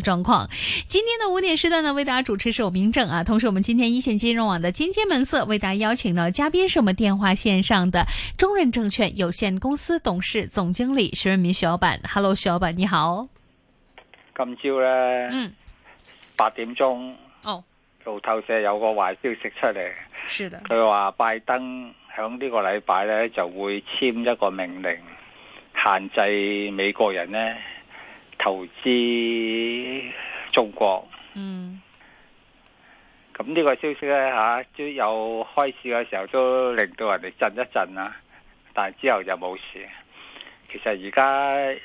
狀況，今天的五點時段呢，為大家主持是我明正啊，同時我們今天一線金融網的金街門色為大家邀請到嘉賓，是我們電話線上的中潤證券有限公司董事總經理徐潤民徐老闆。Hello，徐老闆你好。今朝呢，嗯，八點鐘哦，路透社有個壞消息出嚟，是的，佢話拜登喺呢個禮拜咧就會簽一個命令，限制美國人咧。投資中國，嗯，咁呢個消息呢，吓、啊，即有開始嘅時候，都令到人哋震一震啊！但係之後就冇事。其實而家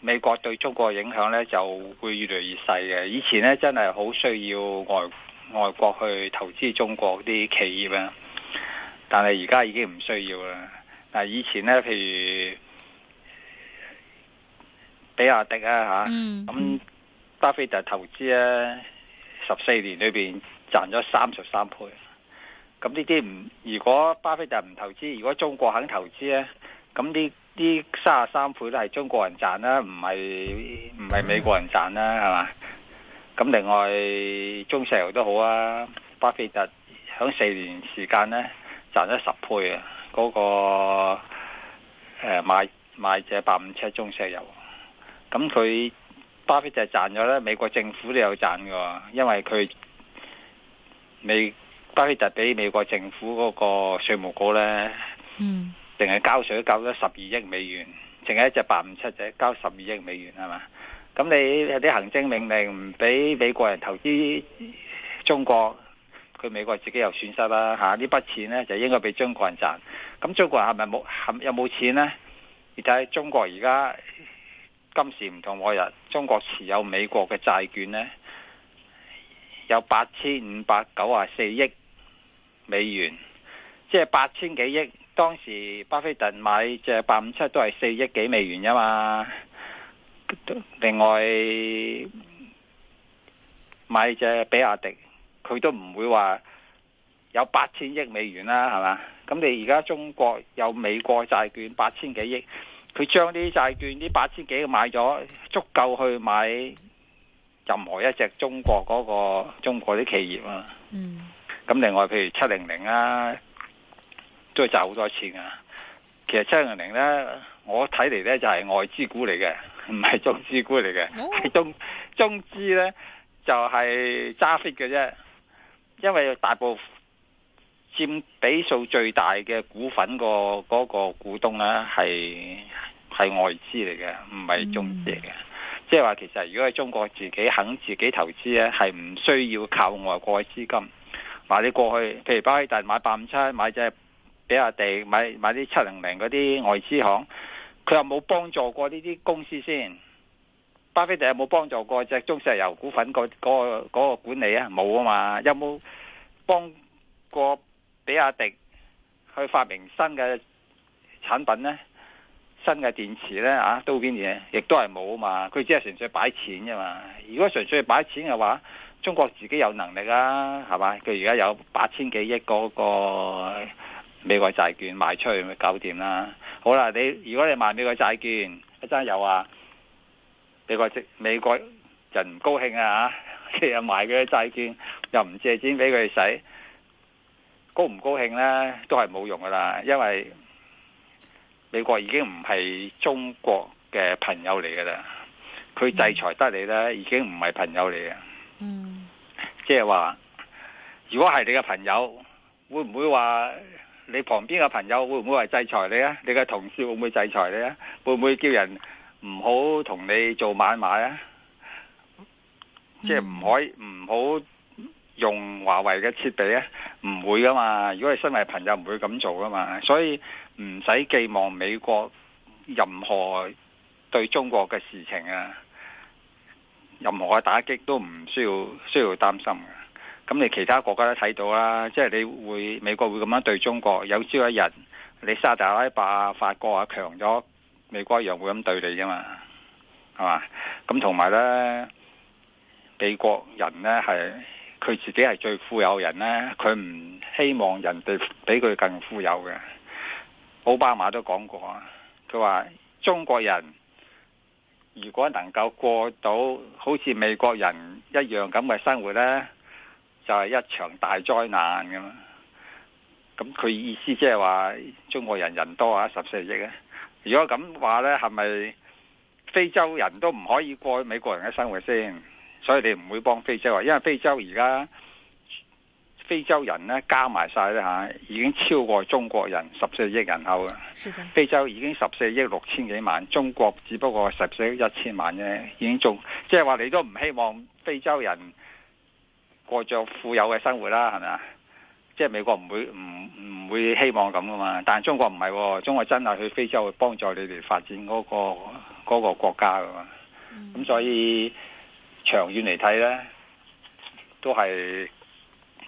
美國對中國影響呢就會越嚟越細嘅。以前呢，真係好需要外外國去投資中國啲企業啊，但係而家已經唔需要啦。但以前呢，譬如。比亞迪啊，吓，咁，嗯，巴菲特投資咧十四年裏邊賺咗三十三倍啊。咁呢啲唔如果巴菲特唔投資，如果中國肯投資咧啊，咁呢啲三十三倍都係中國人賺啦啊，唔係唔係美國人賺啦啊，係嘛？咁另外中石油都好啊，巴菲特響四年時間咧賺咗十倍啊，嗰個誒，呃、買買隻八五七中石油。咁佢巴菲特賺咗咧，美國政府都有賺噶，因為佢美巴菲特俾美國政府嗰個稅務局咧，淨係、嗯、交稅交咗十二億美元，淨係一隻八五七仔交十二億美元係嘛？咁你有啲行政命令唔俾美國人投資中國，佢美國自己又損失啦吓，啊、筆呢筆錢咧就應該俾中國人賺，咁中國人係咪冇有冇錢咧？你睇中國而家。今時唔同往日，中國持有美國嘅債券呢，有八千五百九十四億美元，即係八千幾億。當時巴菲特買隻八五七都係四億幾美元啊嘛。另外買隻比亞迪，佢都唔會話有八千億美元啦，係嘛？咁你而家中國有美國債券八千幾億。佢將啲債券啲八千幾買咗，足夠去買任何一隻中國嗰個中國啲企業啊！嗯，咁另外譬如七零零啊，都係賺好多錢啊！其實七零零咧，我睇嚟咧就係外資股嚟嘅，唔係中資股嚟嘅，係中中資咧就係揸 fit 嘅啫，因為大部分佔比數最大嘅股份個嗰個股東咧係。係外資嚟嘅，唔係中資嚟嘅。即係話，其實如果係中國自己肯自己投資咧，係唔需要靠外國嘅資金。話啲過去，譬如巴菲特買八五七，買隻比亞迪，買買啲七零零嗰啲外資行，佢有冇幫助過呢啲公司先？巴菲特有冇幫助過隻中石油股份、嗰個、嗰個、嗰個管理啊？冇啊嘛。有冇幫過比亞迪去發明新嘅產品咧？新嘅電池咧啊，都邊嘢？亦都係冇啊嘛。佢只係純粹擺錢啫嘛。如果純粹擺錢嘅話，中國自己有能力啦、啊，係嘛？佢而家有八千幾億嗰個美國債券賣出去，咪搞掂啦。好啦，你如果你賣美國債券，一陣又話美國借美國人唔高興啊嚇，又賣佢啲債券，又唔借錢俾佢使，高唔高興咧？都係冇用噶啦，因為。美國已經唔係中國嘅朋友嚟嘅啦，佢制裁得你咧，已經唔係朋友嚟嘅。嗯，即係話，如果係你嘅朋友，會唔會話你旁邊嘅朋友會唔會係制裁你啊？你嘅同事會唔會制裁你啊？會唔會叫人唔好同你做買賣啊？即係唔可以，唔好用華為嘅設備咧，唔會噶嘛。如果你身為朋友，唔會咁做噶嘛。所以唔使寄望美國任何對中國嘅事情啊，任何嘅打擊都唔需要需要擔心。咁你其他國家都睇到啦，即係你會美國會咁樣對中國，有朝一日你沙特阿拉伯、法國啊強咗美國一樣會咁對你噶嘛，係嘛？咁同埋咧，美國人呢係。佢自己係最富有人呢，佢唔希望人哋比佢更富有嘅。奧巴馬都講過啊，佢話中國人如果能夠過到好似美國人一樣咁嘅生活呢，就係一場大災難噶啦。咁佢意思即係話中國人人多啊，十四億啊，如果咁話呢，係咪非洲人都唔可以過美國人嘅生活先？所以你唔會幫非洲，因為非洲而家非洲人呢加埋晒咧吓，已經超過中國人十四億人口嘅。的非洲已經十四億六千幾萬，中國只不過十四億一千萬啫，已經仲即係話你都唔希望非洲人過着富有嘅生活啦，係咪啊？即係美國唔會唔唔會希望咁噶嘛？但係中國唔係，中國真係去非洲去幫助你哋發展嗰個嗰個國家噶嘛？咁、嗯、所以。長遠嚟睇呢，都係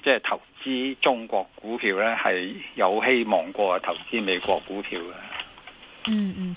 即係投資中國股票呢，係有希望過投資美國股票嘅。嗯嗯。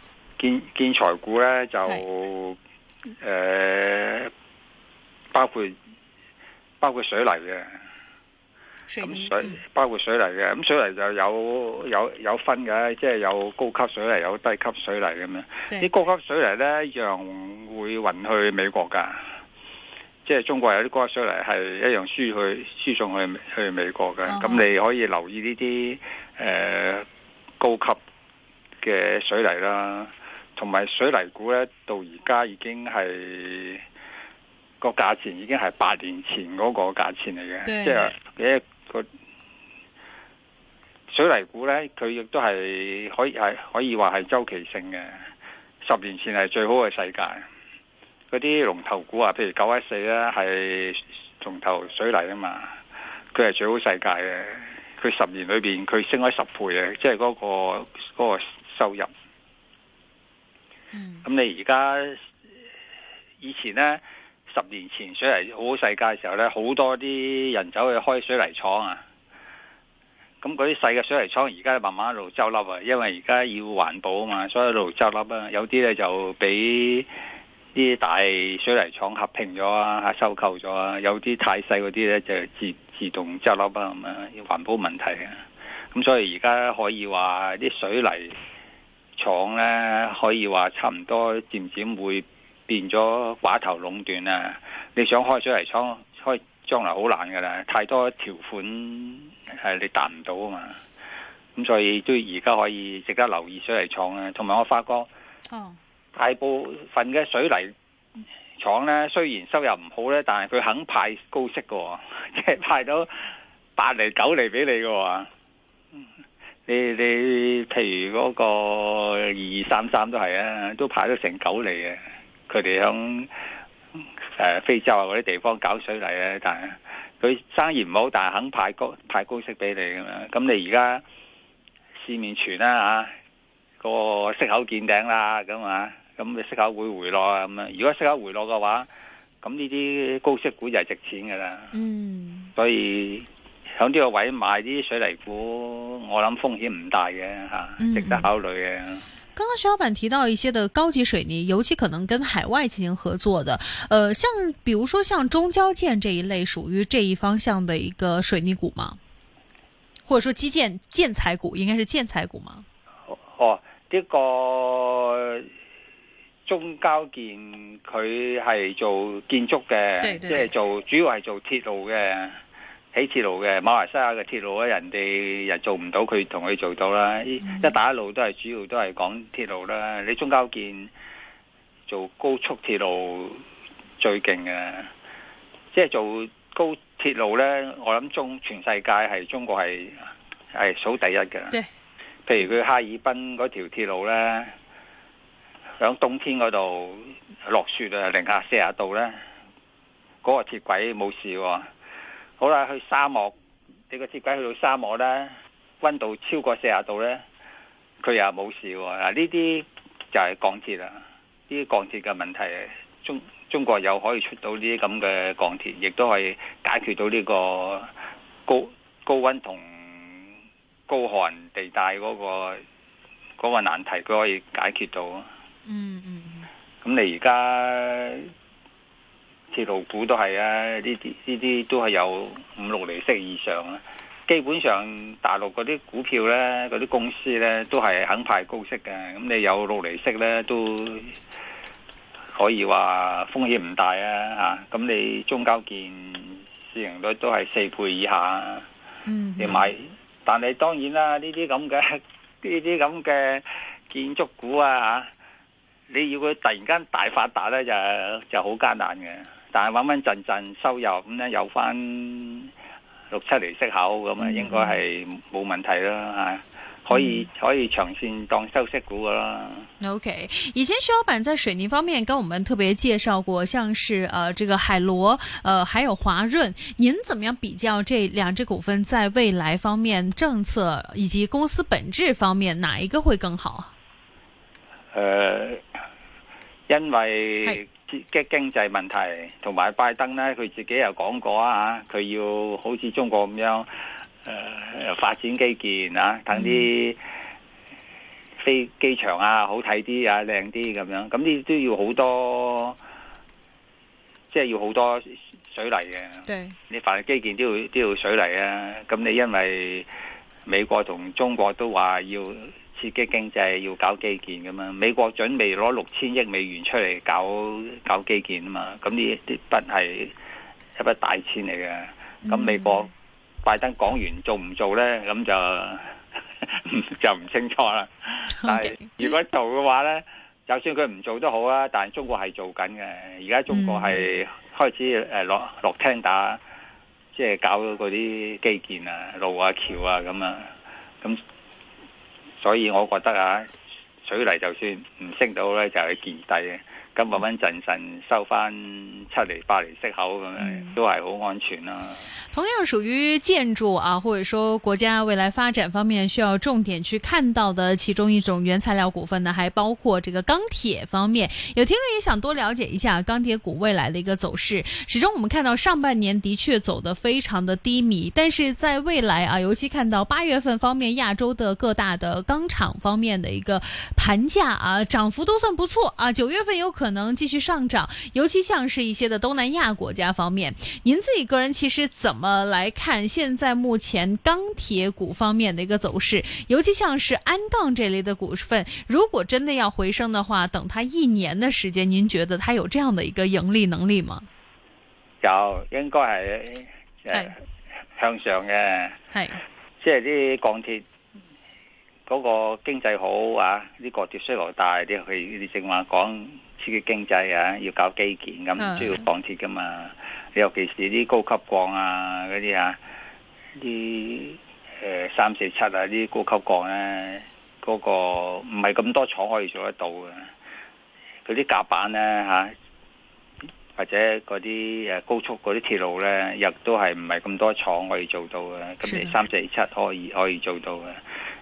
建建材股咧，就誒是、呃，包括包括水泥嘅，咁水包括水泥嘅，咁水泥就有有有分嘅，即、就、係、是、有高級水泥有低級水泥咁樣。啲是高級水泥咧，一樣會運去美國噶，即、就、係、是、中國有啲高級水泥係一樣輸去輸送去去美國嘅。咁、哦哦、你可以留意呢啲誒高級嘅水泥啦。同埋水泥股咧，到而家已經係個價錢已經係八年前嗰個價錢嚟嘅，即係嘅個水泥股咧，佢亦都係可以係可以話係周期性嘅。十年前係最好嘅世界，嗰啲龍頭股啊，譬如九一四咧，係龍頭水泥啊嘛，佢係最好世界嘅。佢十年裏邊佢升開十倍嘅，即係嗰個嗰個收入。咁、嗯、你而家以前呢，十年前水泥好好世界嘅時候呢，好多啲人走去開水泥廠啊。咁嗰啲細嘅水泥廠而家慢慢一路執笠啊，因為而家要環保啊嘛，所以一路執笠啊。有啲呢就俾啲大水泥廠合併咗啊，收購咗啊。有啲太細嗰啲呢，就自自動執笠啊，咁啊，要環保問題啊。咁所以而家可以話啲水泥。廠咧可以話差唔多，漸漸會變咗寡頭壟斷啦。你想開水泥廠，開將來好難噶啦，太多條款係、啊、你達唔到啊嘛。咁所以都而家可以值得留意水泥廠啊。同埋我發覺，大部分嘅水泥廠咧，雖然收入唔好咧，但係佢肯派高息噶、哦，即 係派到八厘九厘俾你噶、哦。你你譬如嗰個二二三三都係啊，都派咗成九厘嘅、啊，佢哋響誒非洲啊嗰啲地方搞水泥啊，但係佢生意唔好，但係肯派高派高息俾你咁、啊、樣，咁你而家市面全啦、啊、吓，啊那個息口見頂啦，咁啊，咁你、啊、息口會回落啊，咁啊，如果息口回落嘅話，咁呢啲高息股就係值錢噶啦，嗯，所以響呢個位買啲水泥股。我諗風險唔大嘅吓、啊，值得考慮嘅、嗯嗯。剛剛徐老闆提到一些的高級水泥，尤其可能跟海外進行合作的，呃，像比如說像中交建這一類屬於這一方向的一個水泥股嗎？或者說基建建材股，應該是建材股嗎？哦，呢、這個中交建佢係做建築嘅，對對即係做主要係做鐵路嘅。起鐵路嘅馬來西亞嘅鐵路咧，人哋又做唔到，佢同佢做到啦。一打一路都係主要都係講鐵路啦。你中交建做高速鐵路最勁嘅，即係做高鐵路咧，我諗中全世界係中國係係數第一嘅。譬如佢哈爾濱嗰條鐵路咧，響冬天嗰度落雪啊，零下四十度咧，嗰個鐵軌冇事。好啦，去沙漠，你、這個鐵軌去到沙漠咧，温度超過四十度咧，佢又冇事喎。嗱，呢啲就係鋼鐵啦，呢啲鋼鐵嘅問題，中中國有可以出到呢啲咁嘅鋼鐵，亦都可以解決到呢個高高溫同高寒地帶嗰、嗰個嗰、嗰個難題，佢可以解決到。嗯，嗯嗯。咁你而家？鐵路股都係啊，呢啲呢啲都係有五六厘息以上啦、啊。基本上大陸嗰啲股票呢，嗰啲公司呢，都係肯派高息嘅。咁你有六厘息呢，都可以話風險唔大啊。吓、啊，咁你中交建市盈率都係四倍以下、啊。你買、嗯哼，但係當然啦，呢啲咁嘅呢啲咁嘅建築股啊，你要佢突然間大發達呢，就就好艱難嘅。但係穩穩陣陣收入咁咧、嗯，有返六七厘息口咁啊，應該係冇問題啦，吓、嗯、可以可以長線當收息股㗎啦。OK，以前徐老闆在水泥方面跟我們特別介紹過，像是誒、呃、這個海螺，誒、呃、還有華潤，您怎麼樣比較這兩隻股份在未來方面政策以及公司本質方面，哪一個會更好啊？誒、呃，因為。Hey. .嘅經濟問題，同埋拜登呢，佢自己又講過啊，佢要好似中國咁樣，誒發展基建啊，等啲飛機場啊，好睇啲啊，靚啲咁樣，咁呢都要好多，即係要好多水泥嘅。對，你凡係基建都要都要水泥啊。咁你因為美國同中國都話要。刺激經濟要搞基建㗎嘛？美國準備攞六千億美元出嚟搞搞基建啊嘛？咁呢啲筆係一筆大錢嚟嘅。咁美國、mm hmm. 拜登講完做唔做呢？咁就 就唔清楚啦。但係如果做嘅話呢，就算佢唔做都好啊。但係中國係做緊嘅，而家中國係開始誒落落聽打，即係搞嗰啲基建啊、路啊、橋啊咁啊咁。所以我覺得啊，水泥就算唔升到呢，就係見底嘅。咁穩穩陣陣，收翻七釐八釐息口咁樣，都係好安全啦。同樣屬於建築啊，或者說國家未來發展方面需要重點去看到的其中一種原材料股份呢，還包括這個鋼鐵方面。有聽眾也想多了解一下鋼鐵股未來的一個走勢。始終我們看到上半年的確走得非常的低迷，但是在未來啊，尤其看到八月份方面，亞洲的各大的鋼廠方面的一個盤價啊，漲幅都算不錯啊。九月份有可能能繼續上漲，尤其像是一些的東南亞國家方面。您自己個人其實怎麼來看現在目前鋼鐵股方面的一個走勢？尤其像是鞍鋼這類的股份，如果真的要回升的話，等它一年的時間，您覺得它有這樣的一個盈利能力嗎？有，應該係、呃、是向上嘅，係是即係啲鋼鐵嗰、那個經濟好啊，啲鋼鐵衰落大啲，佢你正話講。刺激經濟啊！要搞基建咁，需要鋼鐵噶嘛？尤其是啲高級鋼啊嗰啲啊，啲誒三四七啊啲高級鋼咧，嗰個唔係咁多廠可以做得到嘅。嗰啲甲板咧嚇、啊，或者嗰啲誒高速嗰啲鐵路咧，亦都係唔係咁多廠可以做到嘅。咁你三四七可以可以做到嘅。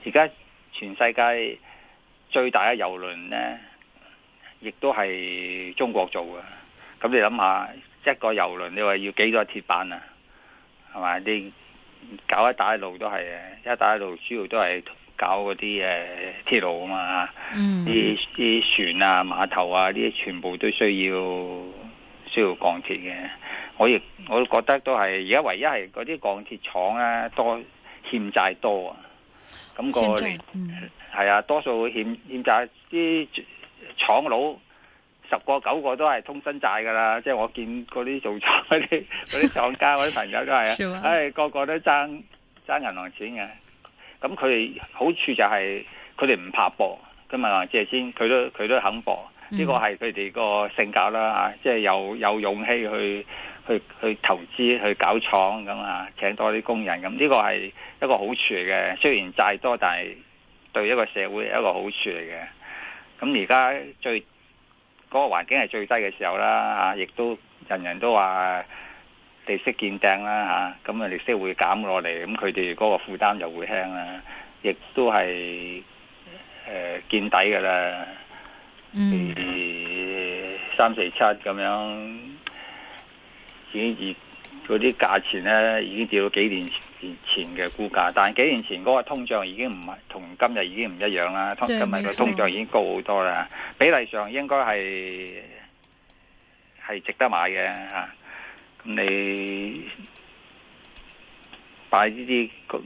而家全世界最大嘅郵輪咧。亦都係中國做嘅，咁你諗下一個遊輪，你話要幾多鐵板啊？係咪？你搞一帶一路都係啊！一帶一路主要都係搞嗰啲誒鐵路啊嘛，啲啲、嗯、船啊碼頭啊，呢啲全部都需要需要鋼鐵嘅。我亦我都覺得都係而家唯一係嗰啲鋼鐵廠啊，多欠債多啊。咁、那個年係、嗯、啊，多數欠欠債啲。廠佬十個九個都係通身債噶啦，即係我見嗰啲做廠嗰啲嗰啲廠家嗰啲 朋友都係，唉、 哎、個個都爭爭銀行錢嘅。咁佢哋好處就係佢哋唔怕搏，佢咪話借先，佢都佢都肯搏。呢、這個係佢哋個性格啦吓、啊，即係有有勇氣去去去投資去搞廠咁啊，請多啲工人咁，呢、這個係一個好處嚟嘅。雖然債多，但係對一個社會一個好處嚟嘅。咁而家最嗰、那個環境係最低嘅時候啦，啊！亦都人人都話利息見頂啦，吓、啊！咁啊，利息會減落嚟，咁佢哋嗰個負擔就會輕啦，亦、啊、都係誒、呃、見底㗎啦，嗯、呃，mm. 三四七咁樣，已經二嗰啲價錢咧已經跌到幾年前。前嘅估價，但係幾年前嗰個通脹已經唔係同今日已經唔一樣啦。今日個通脹已經高好多啦，比例上應該係係值得買嘅吓。咁、啊、你擺呢啲鋼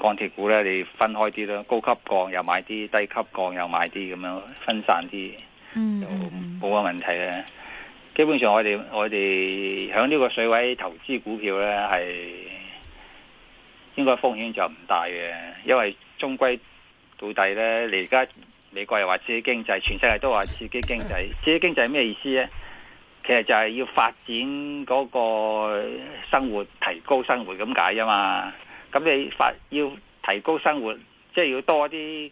鋼鐵股咧，你分開啲啦，高級鋼又買啲，低級鋼又買啲，咁樣分散啲，就冇乜問題嘅。基本上我哋我哋響呢個水位投資股票咧係。應該風險就唔大嘅，因為終歸到底呢，你而家美國又話刺激經濟，全世界都話刺激經濟。刺激經濟咩意思呢？其實就係要發展嗰個生活，提高生活咁解啊嘛。咁你發要提高生活，即係要多啲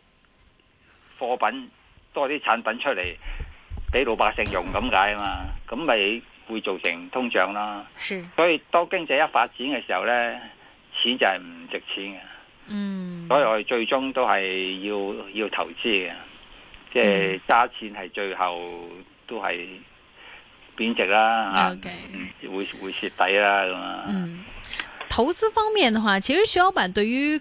貨品，多啲產品出嚟俾老百姓用咁解啊嘛。咁咪會造成通脹啦。是所以當經濟一發展嘅時候呢。錢就係唔值錢嘅，嗯，所以我哋最終都係要要投資嘅，即係揸錢係最後都係貶值啦，吓，嗯，會會蝕底啦咁啊。Okay. 嗯，投資方面嘅話，其實徐老板對於。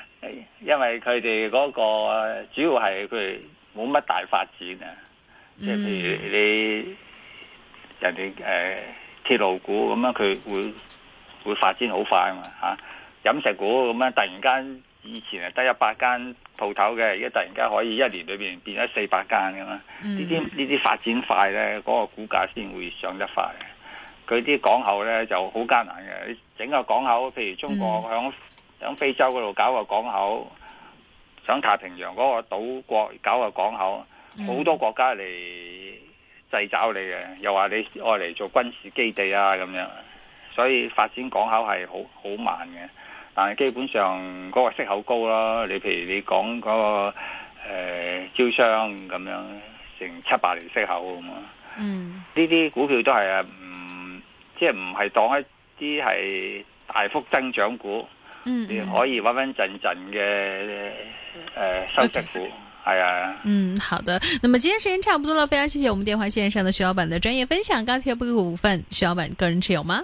因為佢哋嗰個主要係佢哋冇乜大發展啊，即係、mm. 譬如你人哋誒鐵路股咁樣，佢會會發展好快嘛啊嘛吓，飲食股咁樣突然間以前係得一百間鋪頭嘅，而家突然間可以一年裏邊變咗四百間咁啊，呢啲呢啲發展快咧，嗰、嗰個股價先會上得快。佢啲港口咧就好艱難嘅，整個港口譬如中國響。Mm. 響非洲嗰度搞個港口，響太平洋嗰個島國搞個港口，好、嗯、多國家嚟制裁你嘅，又話你愛嚟做軍事基地啊咁樣，所以發展港口係好好慢嘅。但係基本上嗰個息口高啦，你譬如你講嗰、嗰個誒招、呃、商咁樣，成七八年息口咁樣。嗯，呢啲股票都係唔即係唔係當一啲係大幅增長股。嗯，你可以穩穩陣陣嘅誒、呃，收息股係啊。嗯，好的。那麼今天時間差不多啦，非常謝謝我們電話線上的徐老闆的專業分享。鋼鐵股份，徐老闆個人持有嗎？